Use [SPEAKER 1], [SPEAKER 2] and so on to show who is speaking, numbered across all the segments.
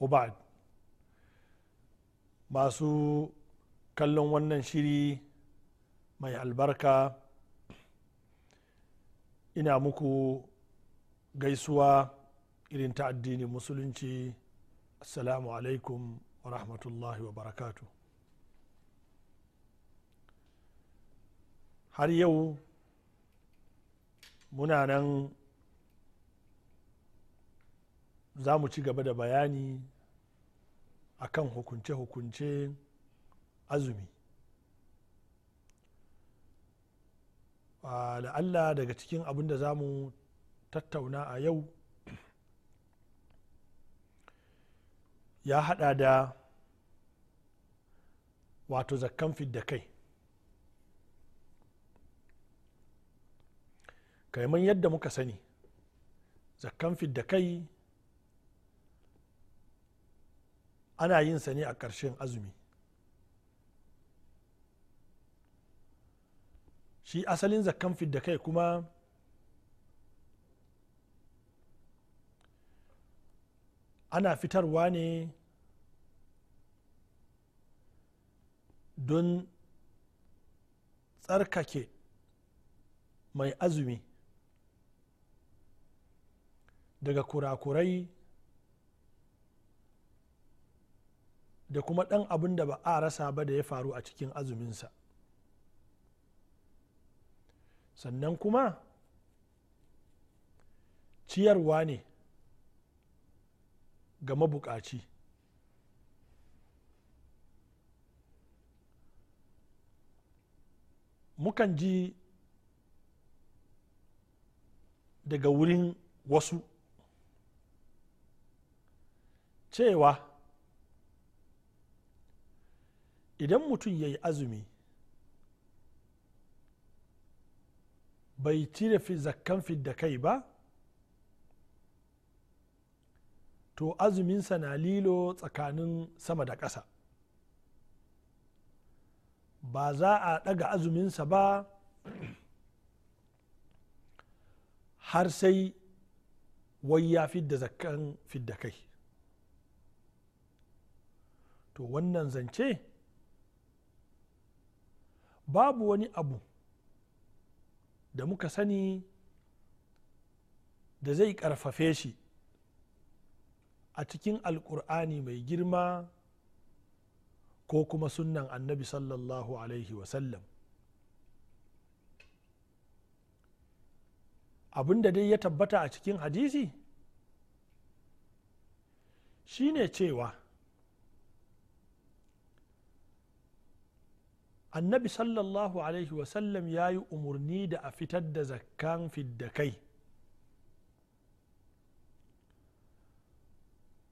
[SPEAKER 1] وبعد masu kallon wannan shiri mai albarka ina muku gaisuwa irin ta addini musulunci assalamu alaikum wa rahmatullahi wa barakatu har yau muna nan za mu ci gaba da bayani a kan hukunce-hukunce azumi ah, la'alla daga cikin abin da za mu tattauna a yau ya hada da wato zakkan fidda kai kaiman yadda muka sani zakkan fidda kai ana yin sa ne a ƙarshen azumi shi asalin zakkan da kai kuma ana fitarwa ne don tsarkake mai azumi daga kurakurai da kuma ɗan abin da ba a rasa ba da ya faru a cikin azuminsa sannan kuma ciyarwa ne ga mabukaci mukan ji daga wurin wasu cewa idan mutum ya yi azumi bai cire zakkan fidda kai ba to azuminsa na lilo tsakanin sama da ƙasa ba za a ɗaga azuminsa ba har sai wai ya fidda zakkan fidda kai to wannan zance babu wani abu da muka sani da zai karfafe shi a cikin alkur'ani mai girma ko kuma sunnan annabi sallallahu alaihi wasallam abin da dai ya tabbata a cikin hadisi shine cewa annabi sallallahu alaihi wasallam ya yi umarni da a fitar da zakkan fiddakai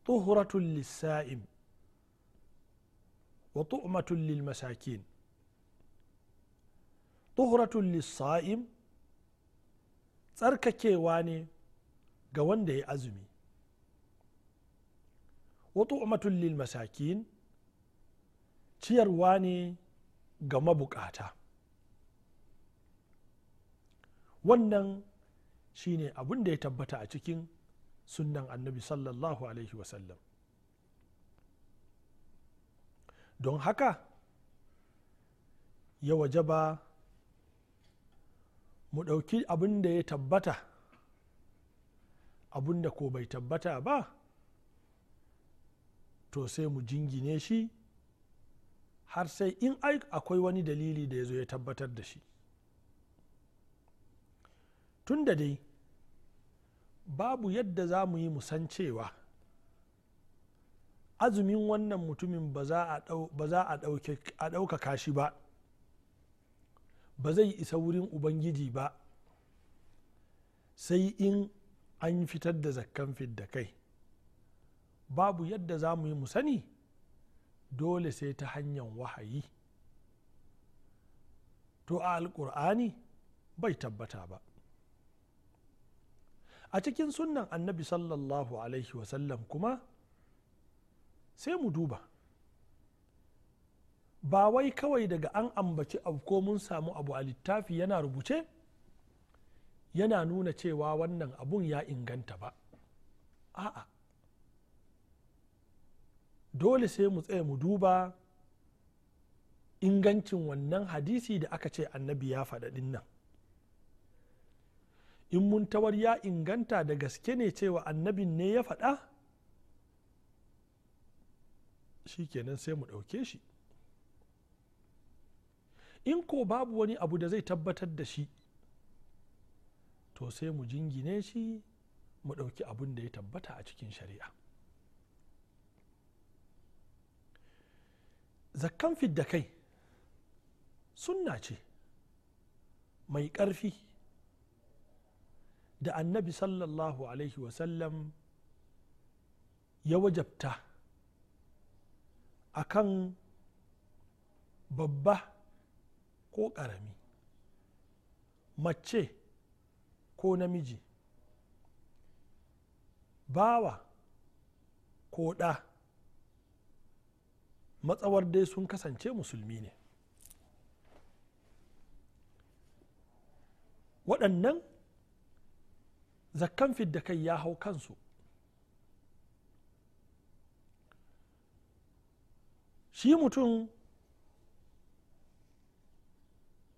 [SPEAKER 1] tuhuratun lissa'im wa tu'matun lil masakin tuhuratun lissa'im tsarkakewa ne ga wanda ya azumi wa tu'matun lil masakin ciyarwa ne ga mabukata wannan shine abin da ya tabbata a cikin sunan annabi sallallahu alaihi wasallam don haka ya waje ba mu ɗauki abin da ya tabbata abin da ko bai tabbata ba to sai mu jingine shi har sai in akwai wani dalili da ya zo ya tabbatar da shi tun da dai babu yadda za mu yi musan cewa azumin wannan mutumin ba za a ɗaukaka shi ba ba zai isa wurin ubangiji ba sai in an fitar da zakkan fidda kai babu yadda za mu yi musani dole sai ta hanyar wahayi to a alkur'ani bai tabbata ba a cikin sunan annabi sallallahu alaihi wasallam kuma sai mu duba ba wai kawai daga an ambaci abu ko mun samu abu a littafi yana rubuce yana nuna cewa wannan abun ya inganta ba a'a dole sai mu tsaya mu duba ingancin wannan hadisi da aka ce annabi ya faɗaɗin nan in mun tawar ya inganta da gaske ne cewa annabin ne ya faɗa shi kenan sai mu ɗauke shi in ko babu wani abu da zai tabbatar da shi to sai mu jingine shi mu ɗauki abin da ya tabbata a cikin shari'a zakkan fidda kai sunna ce mai ƙarfi da annabi sallallahu alaihi wasallam ya wajabta a kan babba ko ƙarami mace ko namiji bawa ko ɗa matsawar dai sun kasance musulmi ne waɗannan zakkan fidda kai ya hau kansu shi mutum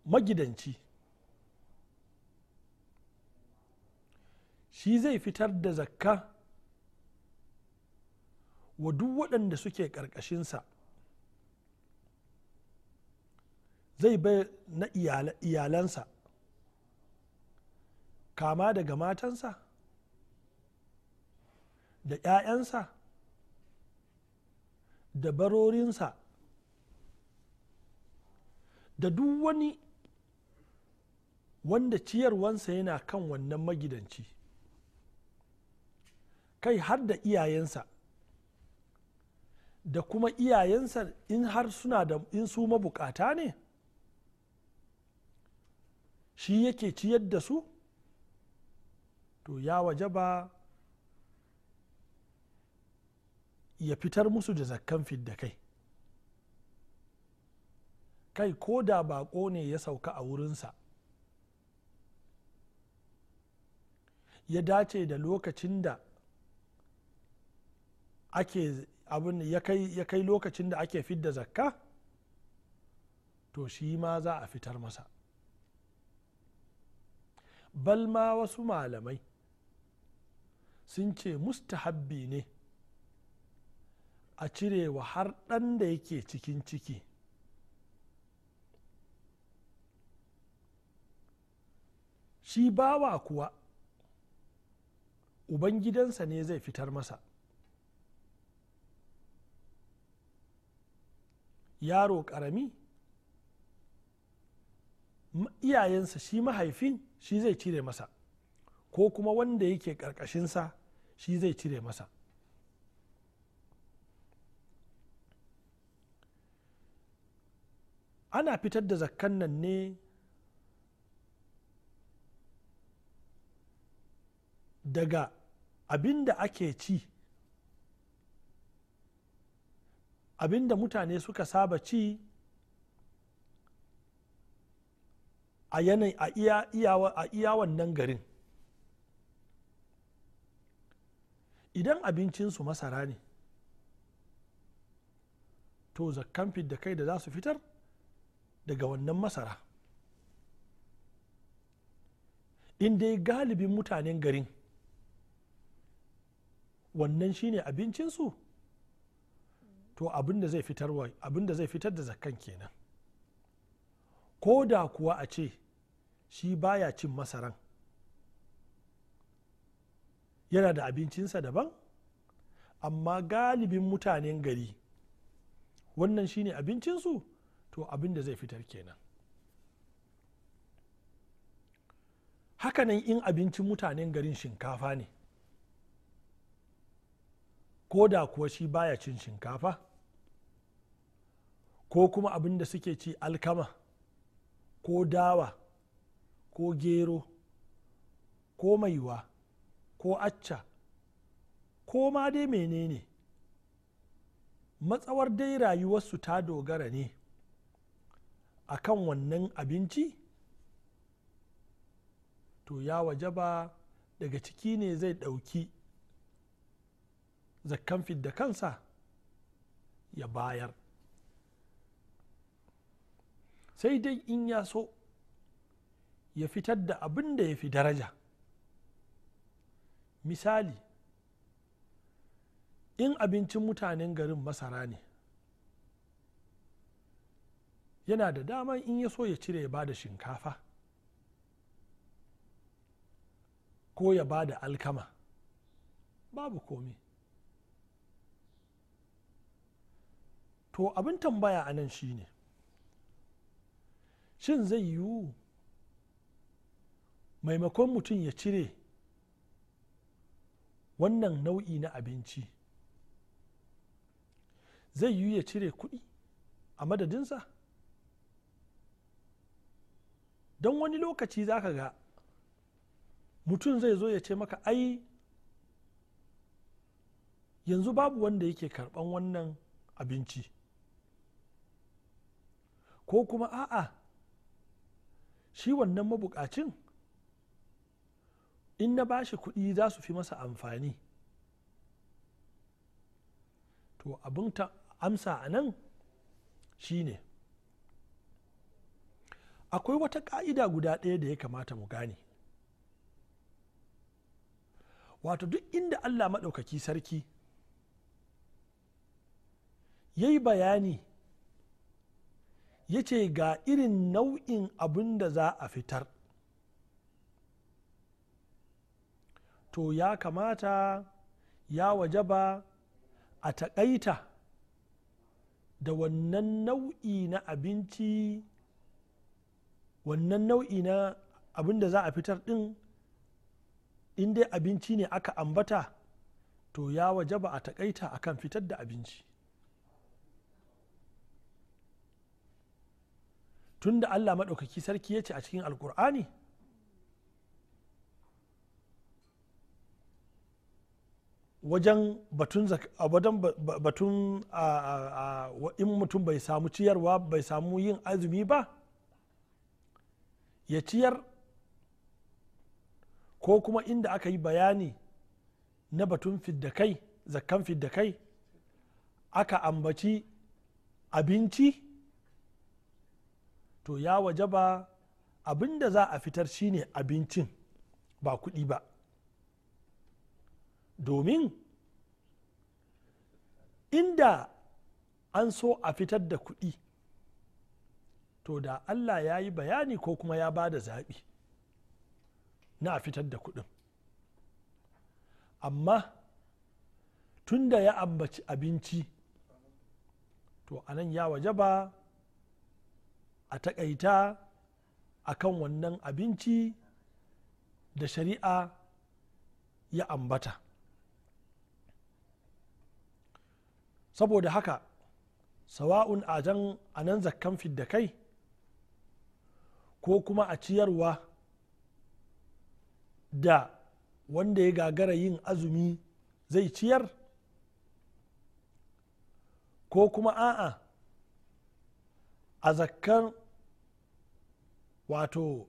[SPEAKER 1] magidanci shi zai fitar da zakka wa duk waɗanda suke ƙarƙashinsa zai bai na iyalansa kama daga matansa da 'ya'yansa da barorinsa da duk wani wanda ciyarwansa yana kan wannan magidanci kai har da iyayensa da kuma iyayensa in har suna da in su mabukata ne shi yake ciyar da su to ya waje ba ya fitar musu da zakkan fidda kai kai ko da baƙo ne ya sauka a wurinsa ya dace da lokacin da ake abin ya kai lokacin da ake fidda zakka to shi ma za a fitar masa balma wasu malamai sun ce mustahabbi ne a cirewa har ɗan da yake cikin ciki shi bawa kuwa ubangidansa ne zai fitar masa yaro ƙarami iyayensa shi mahaifin shi zai cire masa ko kuma wanda yake karkashinsa shi zai cire masa ana fitar da zakkan nan ne daga abin da ake ci abin da mutane suka saba ci a yanayi a iya wannan garin idan abincinsu masara ne to zakkan da kai da za su fitar daga wannan masara in dai galibin mutanen garin wannan shine abincinsu to abin da zai fitar da zakkan kenan ko da kuwa a ce shi baya cin masaran yana da abincinsa daban amma galibin mutanen gari wannan shine abincinsu to abin da zai fitar kenan hakanan in abincin mutanen garin shinkafa ne ko da kuwa shi baya cin shinkafa ko kuma abin da suke ci alkama ko dawa ko gero ko maiwa ko acca ko ma dai menene matsawar dai rayuwarsu ta dogara ne a kan wannan abinci to ya waje ba daga ciki ne zai ɗauki zakkan fidda kansa ya bayar sai dai in ya so ya fitar da abin da ya fi daraja misali in abincin mutanen garin masara ne yana da dama in ya so ya cire ya bada shinkafa ko ya bada alkama babu komi to abin tambaya anan shine shin zai yiwu maimakon mutum ya cire wannan nau'i na abinci zai yiwu ya cire kuɗi a madadinsa don wani lokaci za ka ga mutum zai zo ya ce maka ai yanzu babu wanda yake karɓan wannan abinci ko kuma a'a shi wannan mabukacin in na bashi kuɗi za su fi masa amfani to abin ta amsa a nan shi ne akwai wata ƙa'ida guda ɗaya da ya kamata mu gane wato duk inda allah maɗaukaki sarki ya yi bayani ya ce ga irin nau'in abin da za a fitar to ya kamata ya wajaba a taƙaita da wannan nau'i na abinci wannan nau'i na abin da za a fitar ɗin in dai abinci ne aka ambata to ya wajaba a taƙaita akan fitar da abinci tunda allah maɗaukaki sarki ya ce a cikin alkur'ani wajen batun batun in mutum bai samu ciyarwa bai samu yin azumi ba ya ciyar ko kuma inda aka yi bayani na batun fiddakai zakkan fiddakai aka ambaci abinci to ya wajaba abin da za a fitar shine abincin ba kuɗi ba domin inda an so a fitar da kuɗi to da allah ya yi bayani ko kuma ya ba da zaɓi na a fitar da kuɗin amma tunda ya ambaci abinci to anan ya waje ba a takaita a kan wannan abinci da shari'a ya ambata saboda haka sawa'un ajan a nan zakkan fidda kai ko kuma a ciyarwa da wanda ya gagara yin azumi zai ciyar ko kuma a'a a zakkan wato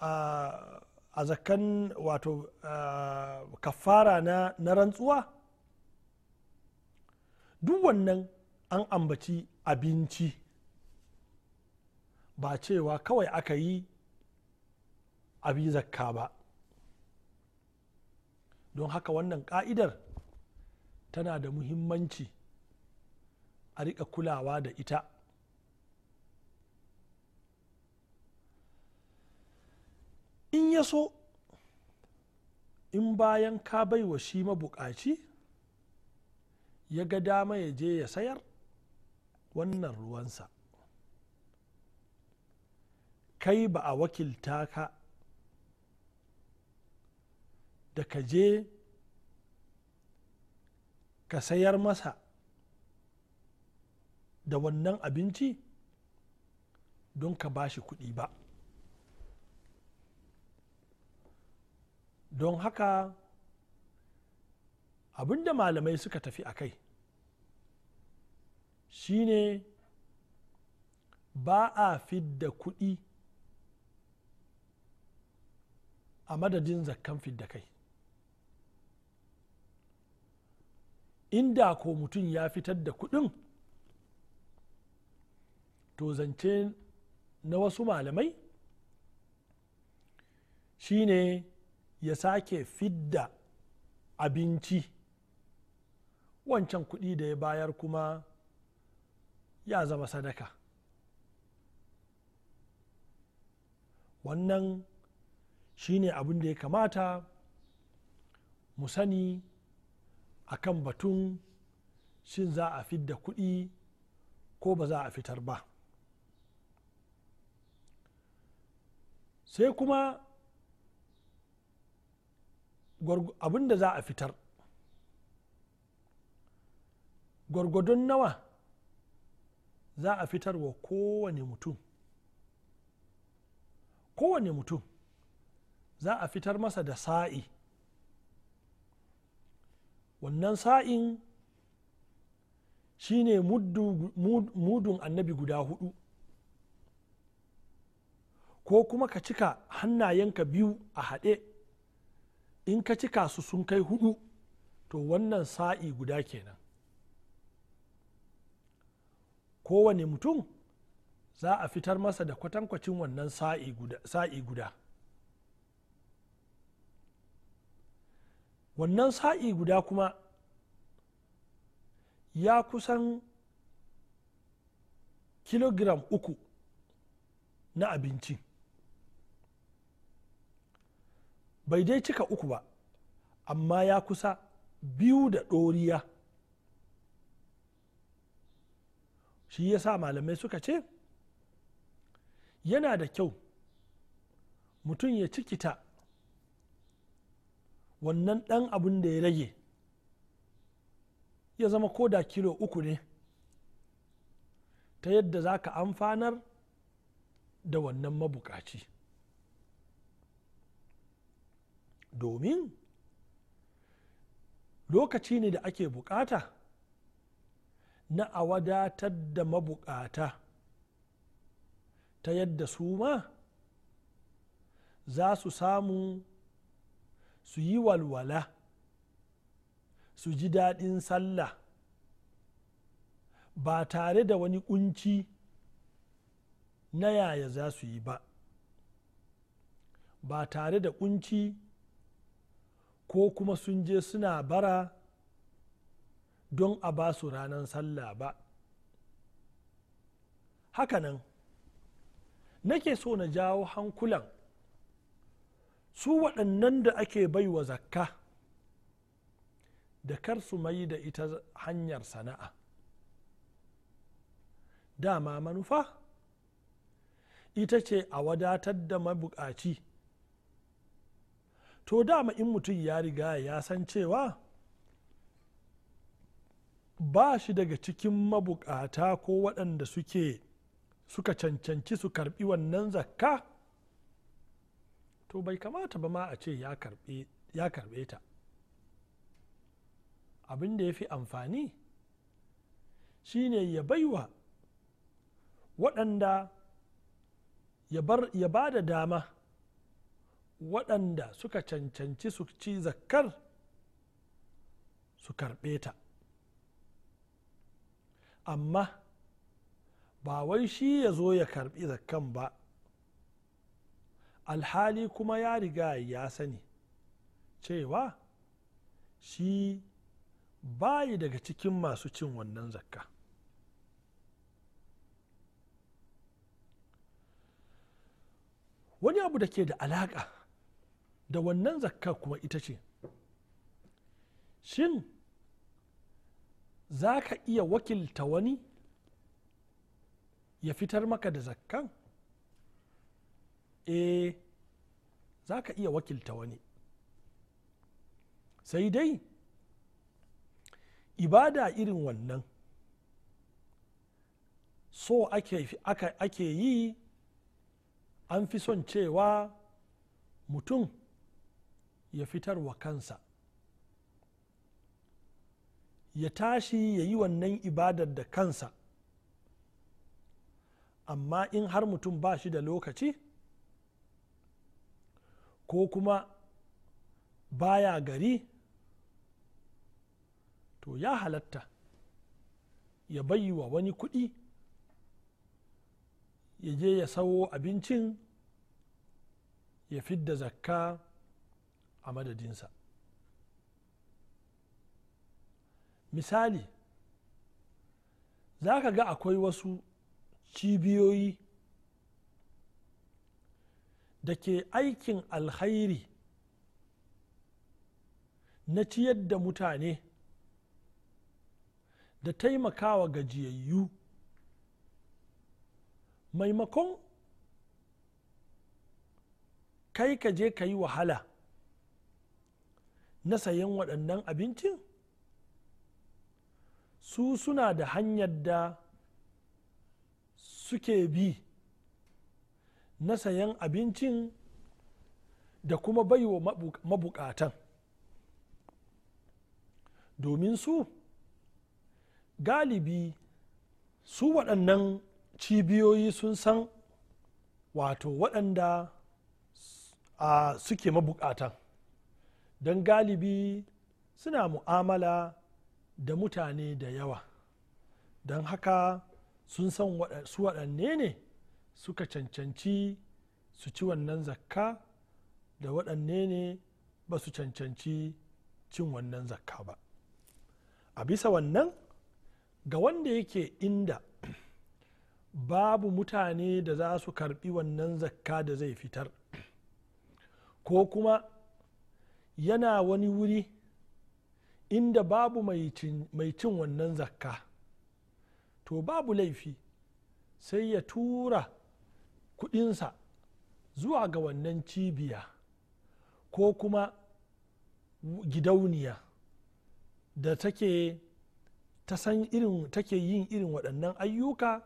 [SPEAKER 1] a zakan wato kafara na, na rantsuwa duk wannan an ambaci abinci ba cewa kawai aka yi abi zakka ba don haka wannan ka'idar tana da muhimmanci a riƙa kulawa da ita in ya so in bayan ka baiwa shi mabukaci ya ga dama ya je ya sayar wannan ruwansa kai ba a wakilta ka da ka je ka sayar masa da wannan abinci don ka ba shi kuɗi ba don haka abinda malamai suka tafi a kai shine ba a fidda kuɗi a madadin zakkan fidda kai inda ko mutum ya fitar da kuɗin to zance na wasu malamai shine ya sake fidda abinci wancan kuɗi da ya bayar kuma ya zama sadaka wannan shi ne abin da ya kamata mu sani a kan batun shin za a fidda kuɗi ko ba za a fitar ba sai kuma abin da za a fitar gwargwadon nawa za a fitar wa kowane mutum kowane mutum za a fitar masa da sa'i wannan sa'in shine mudun annabi guda hudu ko kuma ka cika hannayenka biyu a haɗe in ka cika su sun kai hudu to wannan sa'i guda kenan kowane mutum za a fitar masa da kwatankwacin wannan sa'i guda wannan sa'i guda kuma ya kusan kilogram uku na abinci bai dai cika uku ba amma ya kusa biyu da ɗoriya shi ya sa malamai suka ce yana da kyau mutum ya cikita wannan ɗan abin da ya rage ya zama ko da kilo uku ne ta yadda za ka amfanar da wannan mabukaci domin lokaci ne da ake bukata na a wadatar da mabukata ta yadda su ma za su samu su yi walwala su ji daɗin sallah ba tare da wani kunci na yaya za su yi ba ba tare da kunci ko kuma sun je suna bara don a ba su ranar sallah ba hakanan nake so na jawo hankulan su waɗannan da ake baiwa zakka da kar su mai da ita hanyar sana'a dama manufa ita ce a wadatar da mabuƙaci to dama in mutum ya riga ya san cewa ba shi daga cikin mabukata ko waɗanda suke suka cancanci su karbi wannan zakka to bai kamata ba ma a ce ya karbe ta abin da ya fi amfani shine ya baiwa waɗanda ya ba da dama waɗanda suka cancanci su ci zakkar su karɓe ta amma ba wai shi ya zo ya karɓi zakkan ba alhali kuma ya riga ya sani cewa shi bayi daga cikin masu cin wannan zakka wani abu da ke da alaƙa da wannan zakka kuma ita ce shin za ka iya wakilta wani ya fitar maka da zakkan e za ka iya wakilta wani sai dai ibada irin wannan so ake, ake yi an fi son cewa mutum ya fitar wa kansa ya tashi ya yi wannan ibadar da kansa amma in har mutum ba shi da lokaci ko kuma baya gari to ya halatta ya bayi wa wani kuɗi ya je ya sawo abincin ya fidda zakka a madadinsa misali za ka ga akwai wasu cibiyoyi da ke aikin alhairi na ciyar da mutane da taimakawa gajiyayyu maimakon kai ka je ka yi wahala na sayan waɗannan abincin su suna da hanyar da suke bi na sayan abincin da kuma baiwa mabukatan domin su galibi su waɗannan cibiyoyi sun san wato waɗanda ah, suke mabukatan don galibi suna mu'amala da mutane da yawa don haka sun san su waɗanne ne suka cancanci su ci wannan zakka da waɗanne ne ba su cancanci cin wannan zakka ba a bisa wannan ga wanda yake inda babu mutane da za su karbi wannan zakka da zai fitar ko kuma yana wani wuri inda babu mai cin wannan zakka to babu laifi sai ya tura kudinsa zuwa ga wannan cibiya ko kuma gidauniya da take ta san irin take yin irin waɗannan ayyuka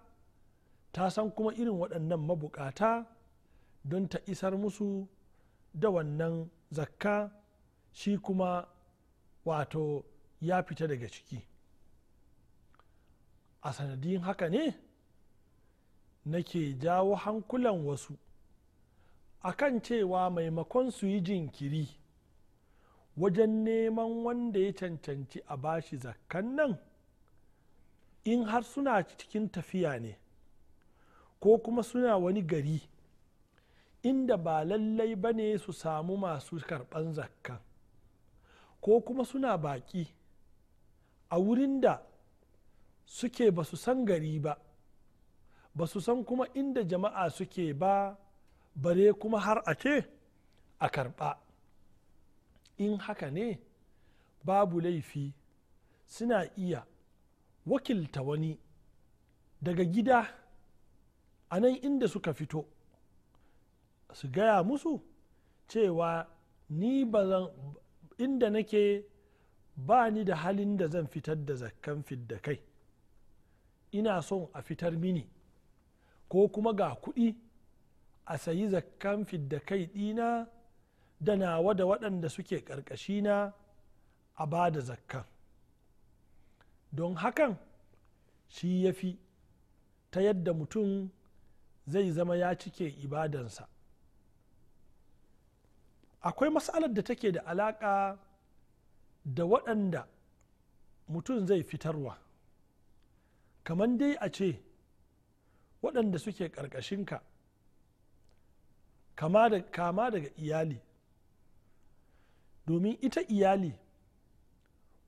[SPEAKER 1] ta san kuma irin waɗannan mabukata don ta isar musu da wannan zakka shi kuma wato ya fita daga ciki a sanadin haka ne nake jawo hankulan wasu akan cewa maimakon su yi jinkiri wajen neman wanda ya cancanci a bashi zakkan nan in har suna cikin tafiya ne ko kuma suna wani gari inda ba lallai ba ne su samu masu karɓan zakkan ko kuma suna baƙi a wurin da suke ba su san gari ba ba su san kuma inda jama'a suke ba bare kuma har a ce a karɓa in haka ne babu laifi suna iya wakilta wani daga gida a nan inda suka fito su gaya musu cewa ni ba zan inda nake ba ni da halin da zan fitar da zakkan fidda kai ina son a fitar mini ko kuma ga kuɗi a sayi zakkan fidda kai ɗina da nawa da waɗanda suke ƙarƙashina a ba da zakkan don hakan shi ya fi ta yadda mutum zai zama ya cike ibadansa akwai matsalar da take da alaka da waɗanda mutum zai fitarwa kamar dai a ce waɗanda suke ka kama daga iyali domin ita iyali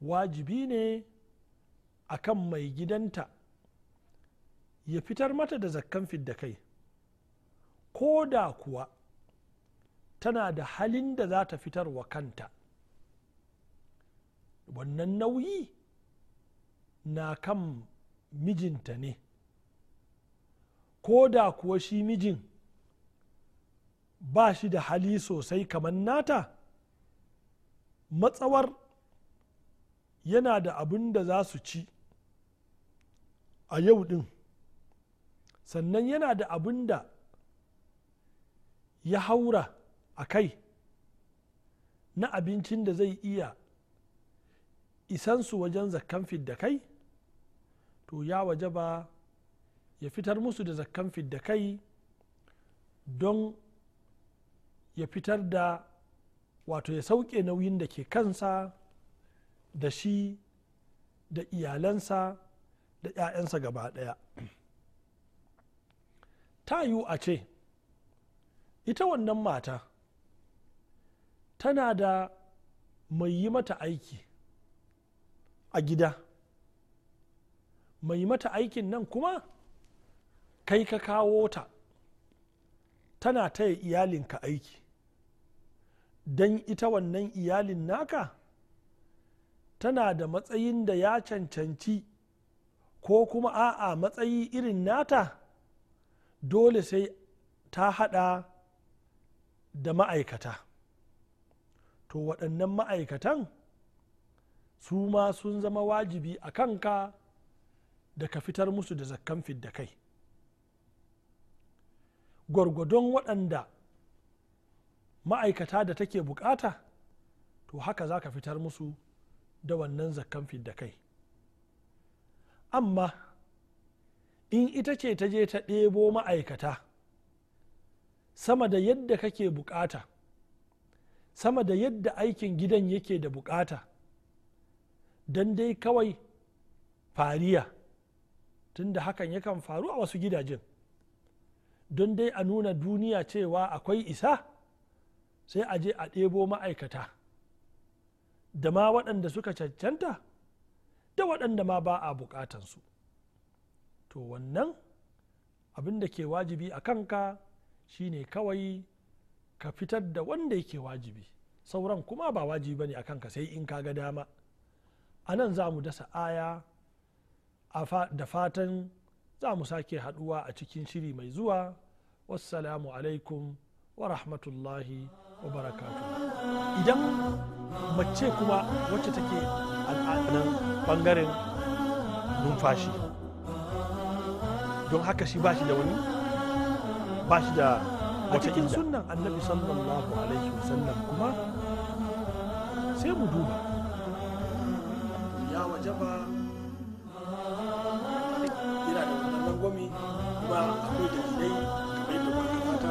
[SPEAKER 1] wajibi ne akan mai gidanta ya fitar mata da zakkan fidda kai ko da kuwa tana da halin da za ta fitar wa kanta wannan nauyi na kan mijinta ne ko da kuwa shi mijin ba shi da hali sosai kamar nata matsawar yana da abin da za su ci a yau din sannan yana da abin da ya haura a kai na abincin da zai iya isansu wajen zakkan fidda kai to ya waje ba ya fitar musu da zakkan fidda kai don ya fitar da wato ya sauke nauyin da ke kansa da shi da iyalansa da 'ya'yansa gaba ɗaya ta yiwu a ce ita wannan mata tana da mai yi mata aiki a gida mai yi mata aikin nan kuma kai ka kawo ta tana taya iyalinka aiki don ita wannan iyalin naka tana da matsayin da ya cancanci ko kuma a'a matsayi irin nata dole sai ta hada da ma'aikata to waɗannan ma'aikatan su ma sun zama wajibi a kanka da ka fitar musu da zakkan fidda kai gwargwadon waɗanda ma'aikata da take bukata to haka za ka fitar musu da wannan zakkan fidda kai amma in ita ce ta je ta ɗebo ma'aikata sama da yadda kake bukata sama da yadda aikin gidan yake da bukata don dai kawai fariya tun da hakan yakan faru a wasu gidajen don dai a nuna duniya cewa akwai isa sai a je a ɗebo ma'aikata da ma waɗanda suka cancanta da waɗanda ma ba a buƙatansu to wannan abin da ke wajibi a kanka shine kawai ka fitar da wanda yake wajibi sauran kuma ba wajibi bane akan ka sai in ka ga dama a nan za mu dasa aya da fatan za mu sake haduwa a cikin shiri mai zuwa wassalamu alaikum wa rahmatullahi wa barakatu idan mace kuma wacce take al'adunan bangaren numfashi don haka shi ba shi da wani ba shi da a cikin sunan annabi sallallahu alaihi wasallam kuma sai mu duba ya waje ba yana da wannan gomi kuma akwai dalilai kamar yadda muka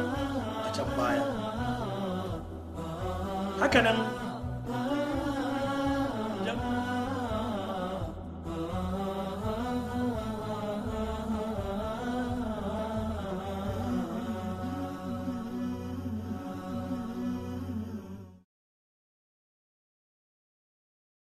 [SPEAKER 1] a can baya hakanan